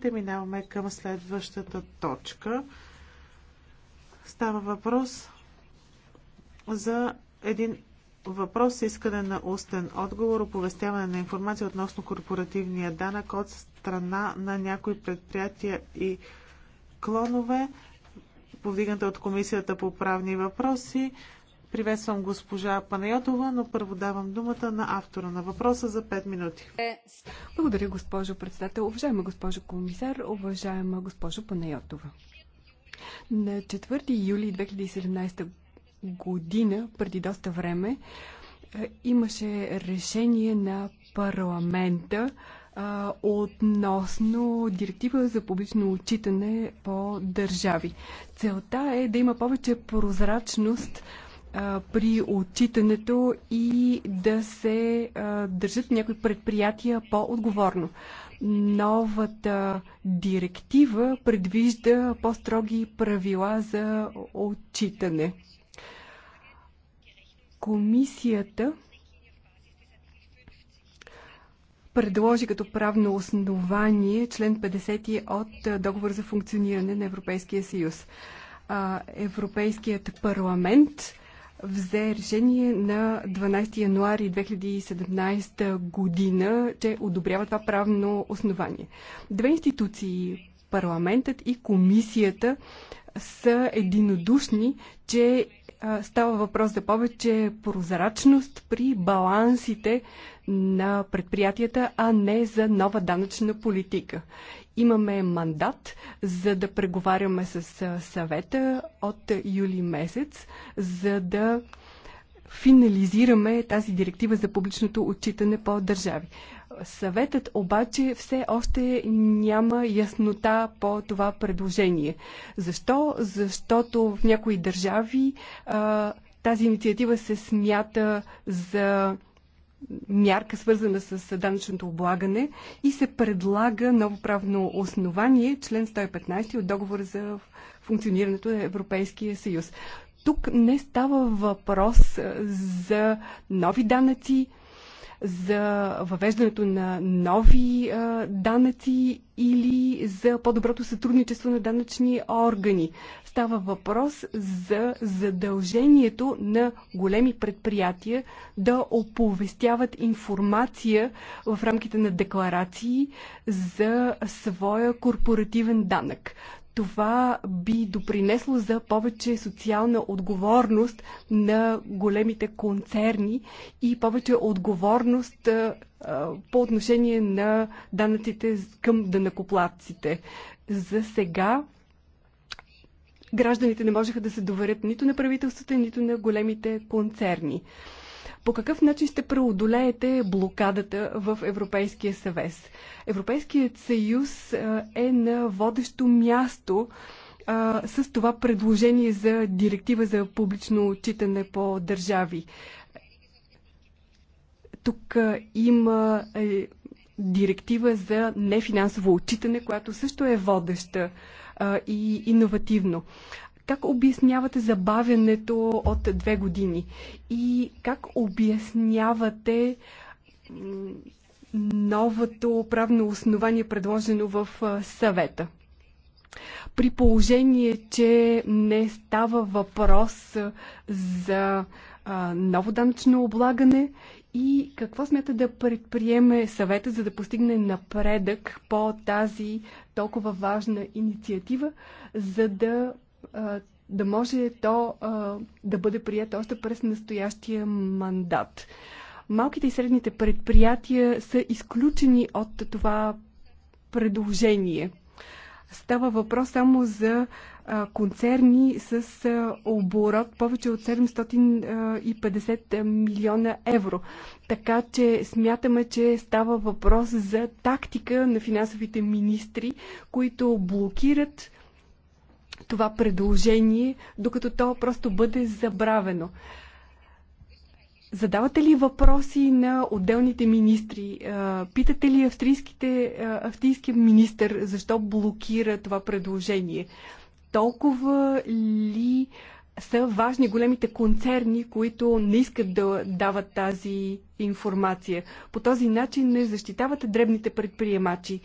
колегите. Минаваме към следващата точка. Става въпрос за един въпрос с искане на устен отговор, оповестяване на информация относно корпоративния данък от страна на някои предприятия и клонове, повдигната от Комисията по правни въпроси. Приветствам госпожа Панайотова, но първо давам думата на автора на въпроса за 5 минути. Благодаря, госпожо председател. Уважаема госпожо комисар, уважаема госпожо Панайотова. На 4 юли 2017 година, преди доста време, е, имаше решение на парламента а, е, относно директива за публично отчитане по държави. Целта е да има повече прозрачност при отчитането и да се държат някои предприятия по-отговорно. Новата директива предвижда по-строги правила за отчитане. Комисията предложи като правно основание член 50 от договор за функциониране на Европейския съюз. Европейският парламент взе решение на 12 януари 2017 година, че одобрява това правно основание. Две институции, парламентът и комисията, са единодушни, че става въпрос за повече прозрачност при балансите на предприятията, а не за нова данъчна политика имаме мандат за да преговаряме с съвета от юли месец, за да финализираме тази директива за публичното отчитане по държави. Съветът обаче все още няма яснота по това предложение. Защо? Защото в някои държави а, тази инициатива се смята за мярка, свързана с данъчното облагане и се предлага ново правно основание, член 115 от договора за функционирането на Европейския съюз. Тук не става въпрос за нови данъци, за въвеждането на нови а, данъци или за по-доброто сътрудничество на данъчни органи. Става въпрос за задължението на големи предприятия да оповестяват информация в рамките на декларации за своя корпоративен данък. Това би допринесло за повече социална отговорност на големите концерни и повече отговорност по отношение на данъците към дънакоплатците. За сега гражданите не можеха да се доверят нито на правителствата, нито на големите концерни. По какъв начин ще преодолеете блокадата в Европейския съвез? Европейският съюз е на водещо място а, с това предложение за директива за публично отчитане по държави. Тук а, има е, директива за нефинансово отчитане, която също е водеща а, и иновативно. Как обяснявате забавянето от две години? И как обяснявате новото правно основание, предложено в съвета? При положение, че не става въпрос за ново данъчно облагане и какво смята да предприеме съвета, за да постигне напредък по тази толкова важна инициатива, за да да може то да бъде прият още през настоящия мандат. Малките и средните предприятия са изключени от това предложение. Става въпрос само за концерни с оборот повече от 750 милиона евро. Така че смятаме, че става въпрос за тактика на финансовите министри, които блокират това предложение, докато то просто бъде забравено. Задавате ли въпроси на отделните министри? Питате ли австрийските, австрийския министр защо блокира това предложение? Толкова ли а, са важни големите концерни, които не искат да дават тази информация. По този начин не защитават дребните предприемачи,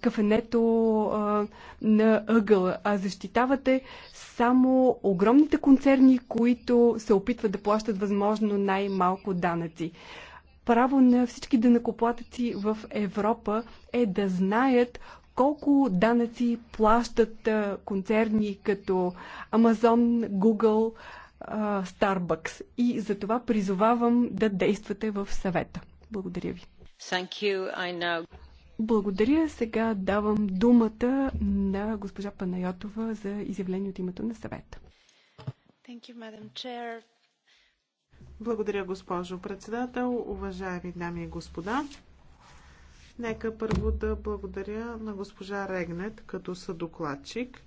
кафенето на ъгъла, а защитавате само огромните концерни, които се опитват да плащат възможно най-малко данъци. Право на всички данакоплатци в Европа е да знаят колко данъци плащат концерни като Amazon, Google, Starbucks. И за това призовавам да действате в съвета. Благодаря ви. know. Благодаря. Сега давам думата на госпожа Панайотова за изявление от името на съвета. You, Благодаря, госпожо председател, уважаеми дами и господа. Нека първо да благодаря на госпожа Регнет като съдокладчик,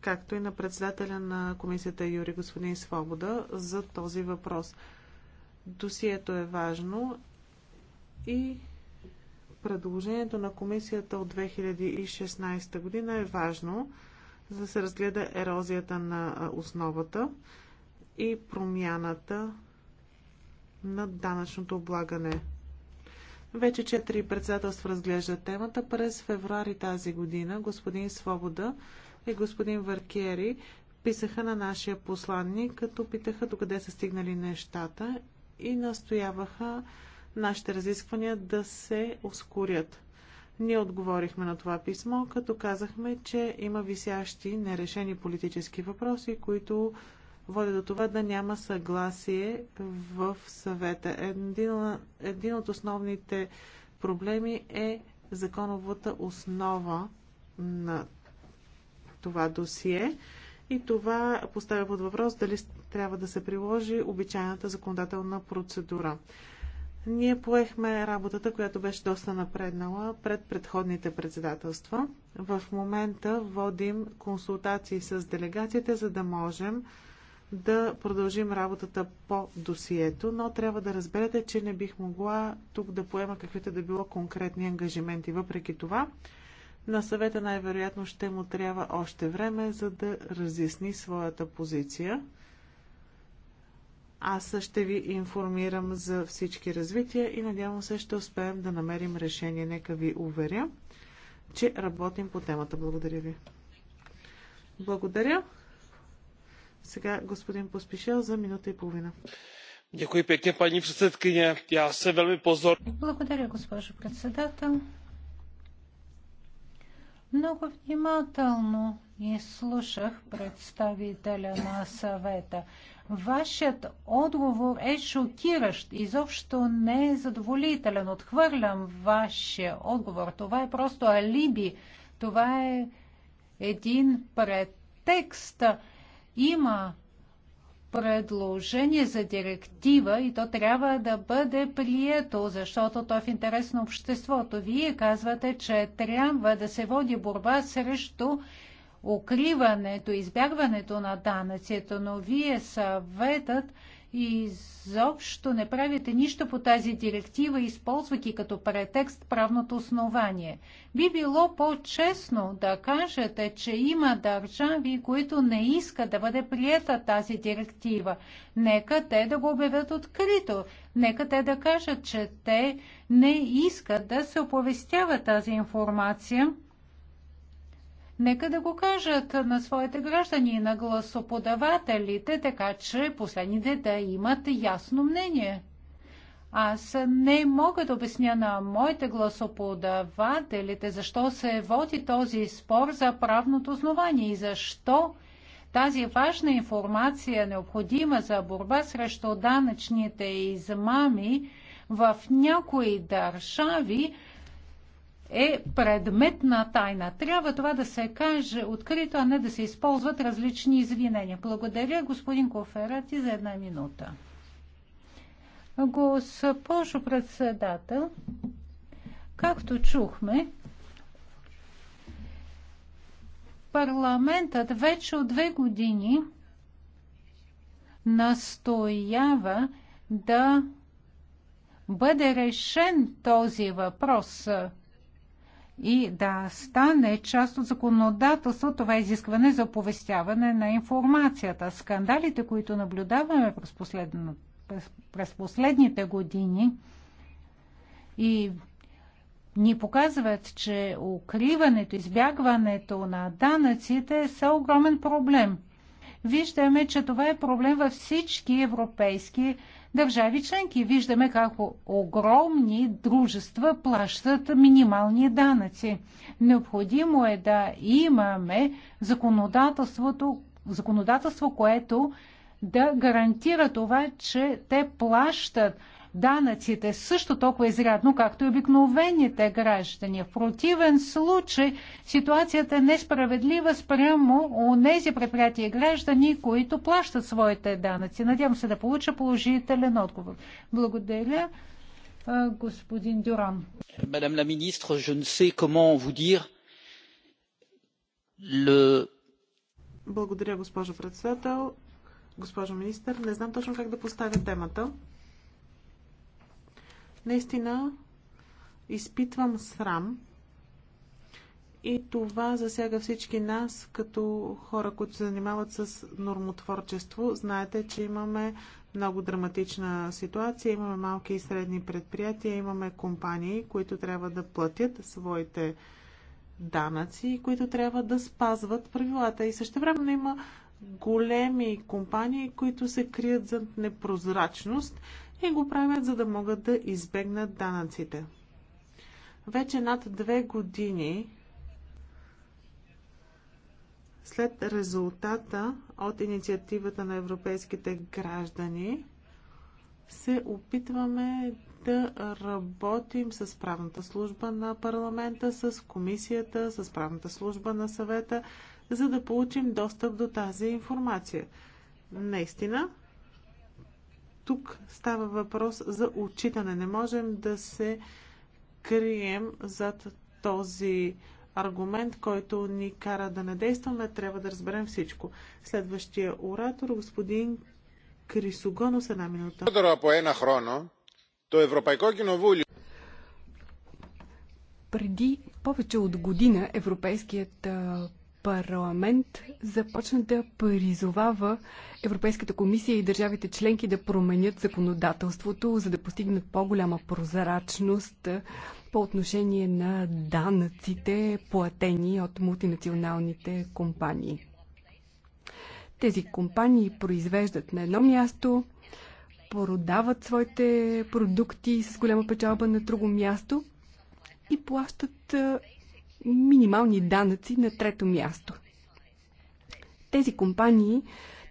както и на председателя на комисията Юри господин Свобода за този въпрос. Досието е важно и предложението на комисията от 2016 година е важно, за да се разгледа ерозията на основата и промяната на данъчното облагане. Вече четири председателства разглеждат темата. През февруари тази година господин Свобода и господин Варкиери писаха на нашия посланник, като питаха докъде са стигнали нещата и настояваха нашите разисквания да се ускорят. Ние отговорихме на това писмо, като казахме, че има висящи нерешени политически въпроси, които води до това да няма съгласие в съвета. Един, един от основните проблеми е законовата основа на това досие и това поставя под въпрос дали трябва да се приложи обичайната законодателна процедура. Ние поехме работата, която беше доста напреднала пред предходните председателства. В момента водим консултации с делегацията, за да можем да продължим работата по досието, но трябва да разберете, че не бих могла тук да поема каквито да било конкретни ангажименти. Въпреки това, на съвета най-вероятно ще му трябва още време, за да разясни своята позиция. Аз ще ви информирам за всички развития и надявам се ще успеем да намерим решение. Нека ви уверя, че работим по темата. Благодаря ви. Благодаря. Сега господин Поспишел за минута и половина. Благодаря, госпожо председател. Много внимателно изслушах представителя на съвета. Вашият отговор е шокиращ, изобщо не е задоволителен. Отхвърлям вашия отговор. Това е просто алиби. Това е един претекст има предложение за директива и то трябва да бъде прието, защото то е в интерес на обществото. Вие казвате, че трябва да се води борба срещу укриването, избягването на данъците, но вие съветът и изобщо не правите нищо по тази директива, използвайки като претекст правното основание. Би било по-честно да кажете, че има държави, които не искат да бъде приета тази директива. Нека те да го обявят открито. Нека те да кажат, че те не искат да се оповестява тази информация Нека да го кажат на своите граждани и на гласоподавателите, така че последните да имат ясно мнение. Аз не мога да обясня на моите гласоподавателите, защо се води този спор за правното основание и защо тази важна информация, необходима за борба срещу данъчните измами в някои държави, е предмет на тайна. Трябва това да се каже открито, а не да се използват различни извинения. Благодаря, господин Коферати, за една минута. Госпожо председател, както чухме, парламентът вече от две години настоява да бъде решен този въпрос – и да стане част от законодателство това изискване за оповестяване на информацията. Скандалите, които наблюдаваме през, през, през последните години и ни показват, че укриването, избягването на данъците са огромен проблем. Виждаме, че това е проблем във всички европейски държави членки. Виждаме как огромни дружества плащат минимални данъци. Необходимо е да имаме законодателството, законодателство, което да гарантира това, че те плащат данъците също толкова изрядно, както и обикновените граждани. В противен случай ситуацията е несправедлива спрямо у нези предприятия и граждани, които плащат своите данъци. Надявам се да получа положителен отговор. Благодаря. Господин Дюран. Madame la ministre, je ne sais comment vous dire le благодаря, госпожо председател. Госпожо министър, не знам точно как да поставя темата. Наистина изпитвам срам и това засяга всички нас като хора, които се занимават с нормотворчество. Знаете, че имаме много драматична ситуация, имаме малки и средни предприятия, имаме компании, които трябва да платят своите данъци, и които трябва да спазват правилата. И също време има големи компании, които се крият за непрозрачност и го правят, за да могат да избегнат данъците. Вече над две години след резултата от инициативата на европейските граждани се опитваме да работим с правната служба на парламента, с комисията, с правната служба на съвета, за да получим достъп до тази информация. Наистина, тук става въпрос за отчитане. Не можем да се крием зад този аргумент, който ни кара да не действаме. Трябва да разберем всичко. Следващия оратор, господин Крисогон, с една минута. Преди повече от година Европейският парламент започна да призовава Европейската комисия и държавите членки да променят законодателството, за да постигнат по-голяма прозрачност по отношение на данъците, платени от мултинационалните компании. Тези компании произвеждат на едно място, продават своите продукти с голяма печалба на друго място и плащат минимални данъци на трето място. Тези компании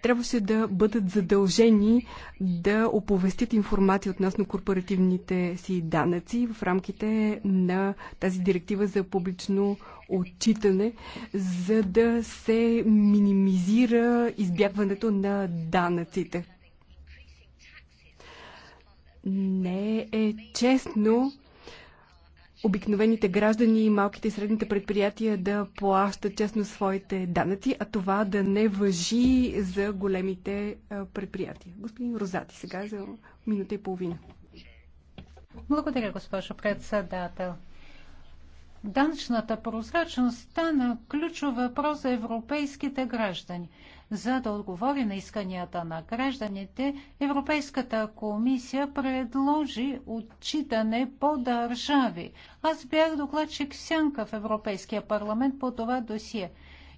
трябваше да бъдат задължени да оповестят информация относно корпоративните си данъци в рамките на тази директива за публично отчитане, за да се минимизира избягването на данъците. Не е честно обикновените граждани и малките и средните предприятия да плащат честно своите данъци, а това да не въжи за големите предприятия. Господин Розати, сега за минута и половина. Благодаря, госпожо председател. Данчната прозрачност стана ключов въпрос за европейските граждани. За да отговори на исканията на гражданите, Европейската комисия предложи отчитане по държави. Аз бях докладчик Сянка в Европейския парламент по това досие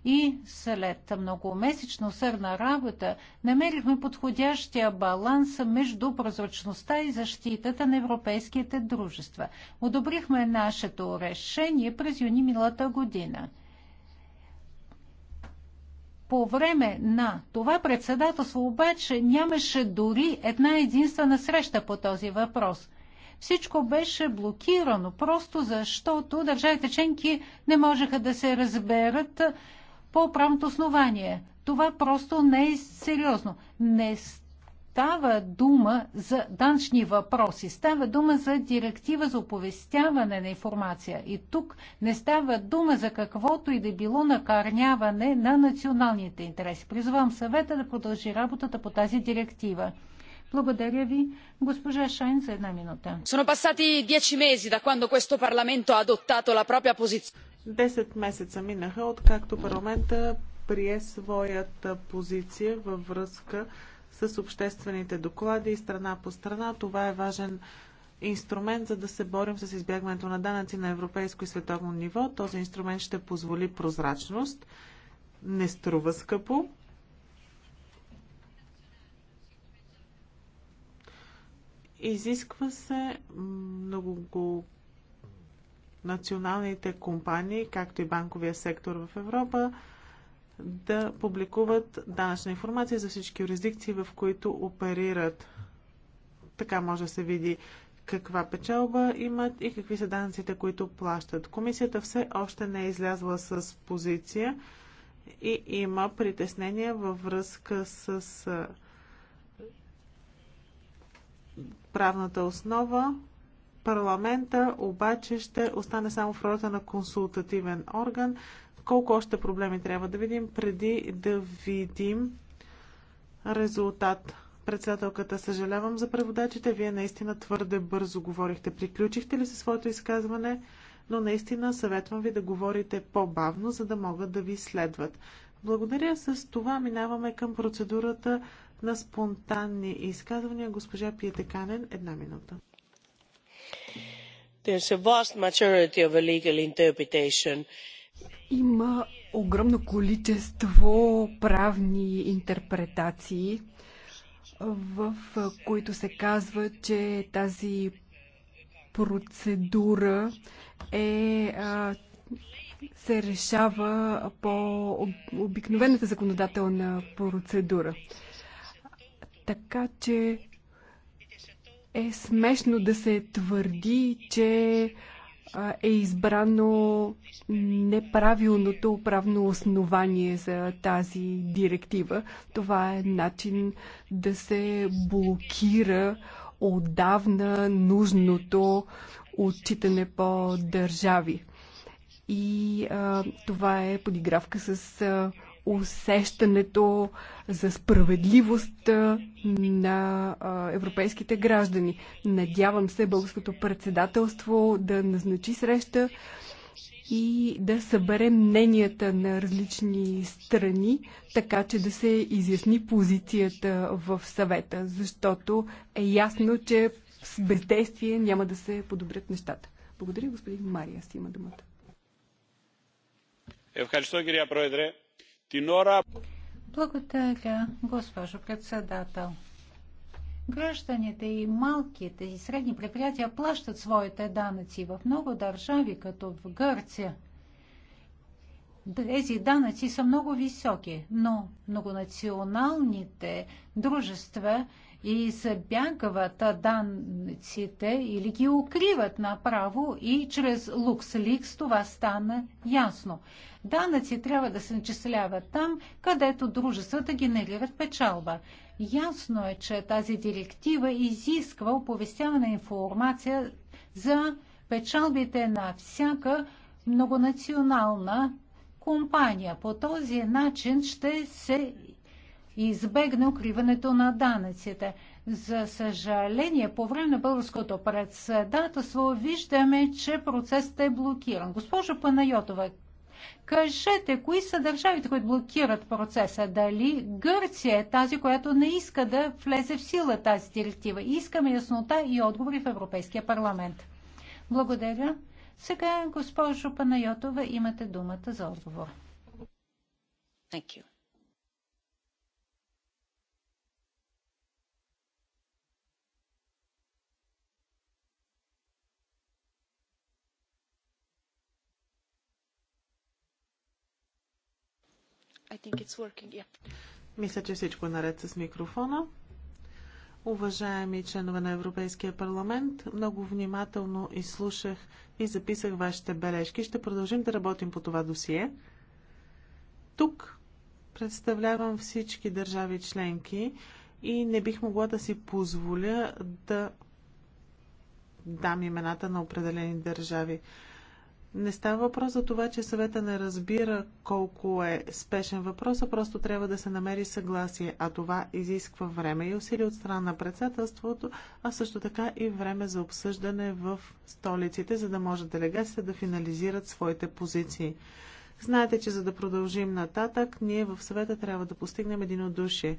и след многомесечна усърдна работа намерихме подходящия баланс между прозрачността и защитата на европейските дружества. Одобрихме нашето решение през юни милата година. По време на това председателство обаче нямаше дори една единствена среща по този въпрос – всичко беше блокирано, просто защото държавите членки не можеха да се разберат по правното основание. Това просто не е сериозно. Не става дума за данчни въпроси. Става дума за директива за оповестяване на информация. И тук не става дума за каквото и да е било накарняване на националните интереси. Призвам съвета да продължи работата по тази директива. Благодаря ви. Госпожа Шайн за една минута. Sono passati 10 mesi da quando questo Parlamento ha adottato la propria posizione. 10 месеца минаха, откакто парламента прие своята позиция във връзка с обществените доклади страна по страна. Това е важен инструмент, за да се борим с избягването на данъци на европейско и световно ниво. Този инструмент ще позволи прозрачност, не струва скъпо Изисква се много националните компании, както и банковия сектор в Европа, да публикуват данъчна информация за всички юрисдикции, в които оперират. Така може да се види каква печалба имат и какви са данъците, които плащат. Комисията все още не е излязла с позиция и има притеснения във връзка с правната основа. Парламента обаче ще остане само в ролята на консултативен орган. Колко още проблеми трябва да видим преди да видим резултат? Председателката, съжалявам за преводачите. Вие наистина твърде бързо говорихте. Приключихте ли се своето изказване? но наистина съветвам ви да говорите по-бавно, за да могат да ви следват. Благодаря. С това минаваме към процедурата на спонтанни изказвания. Госпожа Пиетеканен, една минута. Има огромно количество правни интерпретации, в които се казва, че тази процедура е а, се решава по обикновената законодателна процедура. Така че е смешно да се твърди, че е избрано неправилното правно основание за тази директива. Това е начин да се блокира отдавна нужното отчитане по държави. И а, това е подигравка с а, усещането за справедливост на европейските граждани. Надявам се българското председателство да назначи среща и да съберем мненията на различни страни, така че да се изясни позицията в съвета, защото е ясно, че с бездействие няма да се подобрят нещата. Благодаря, господин Мария, си има думата. Благодаря, госпожо председател гражданите и малките и средни предприятия плащат своите данъци в много държави, като в Гърция. Тези данъци са много високи, но многонационалните дружества и забягват данците или ги укриват направо и чрез LuxLeaks това стана ясно. Данъци трябва да се начисляват там, където дружествата генерират печалба. Ясно е, че тази директива изисква оповестяване информация за печалбите на всяка многонационална компания. По този начин ще се избегне укриването на данъците. За съжаление, по време на българското председателство виждаме, че процесът е блокиран. Госпожо Панайотова, кажете, кои са държавите, които блокират процеса? Дали Гърция е тази, която не иска да влезе в сила тази директива? Искаме яснота и отговори в Европейския парламент. Благодаря. Сега, госпожо Панайотова, имате думата за отговор. Thank you. Yeah. Мисля, че всичко е наред с микрофона. Уважаеми членове на Европейския парламент, много внимателно изслушах и записах вашите бележки. Ще продължим да работим по това досие. Тук представлявам всички държави членки и не бих могла да си позволя да дам имената на определени държави. Не става въпрос за това, че съвета не разбира колко е спешен въпрос, а просто трябва да се намери съгласие, а това изисква време и усилия от страна на председателството, а също така и време за обсъждане в столиците, за да може делегациите да финализират своите позиции. Знаете, че за да продължим нататък, ние в съвета трябва да постигнем единодушие.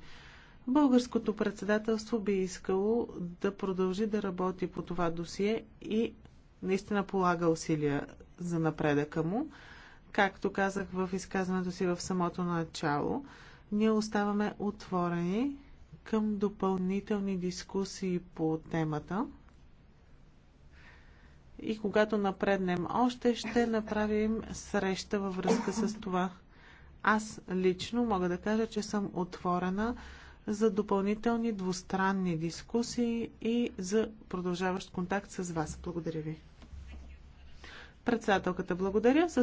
Българското председателство би искало да продължи да работи по това досие и наистина полага усилия за напредъка му. Както казах в изказването си в самото начало, ние оставаме отворени към допълнителни дискусии по темата. И когато напреднем още, ще направим среща във връзка с това. Аз лично мога да кажа, че съм отворена за допълнителни двустранни дискусии и за продължаващ контакт с вас. Благодаря ви. Председателката благодаря. С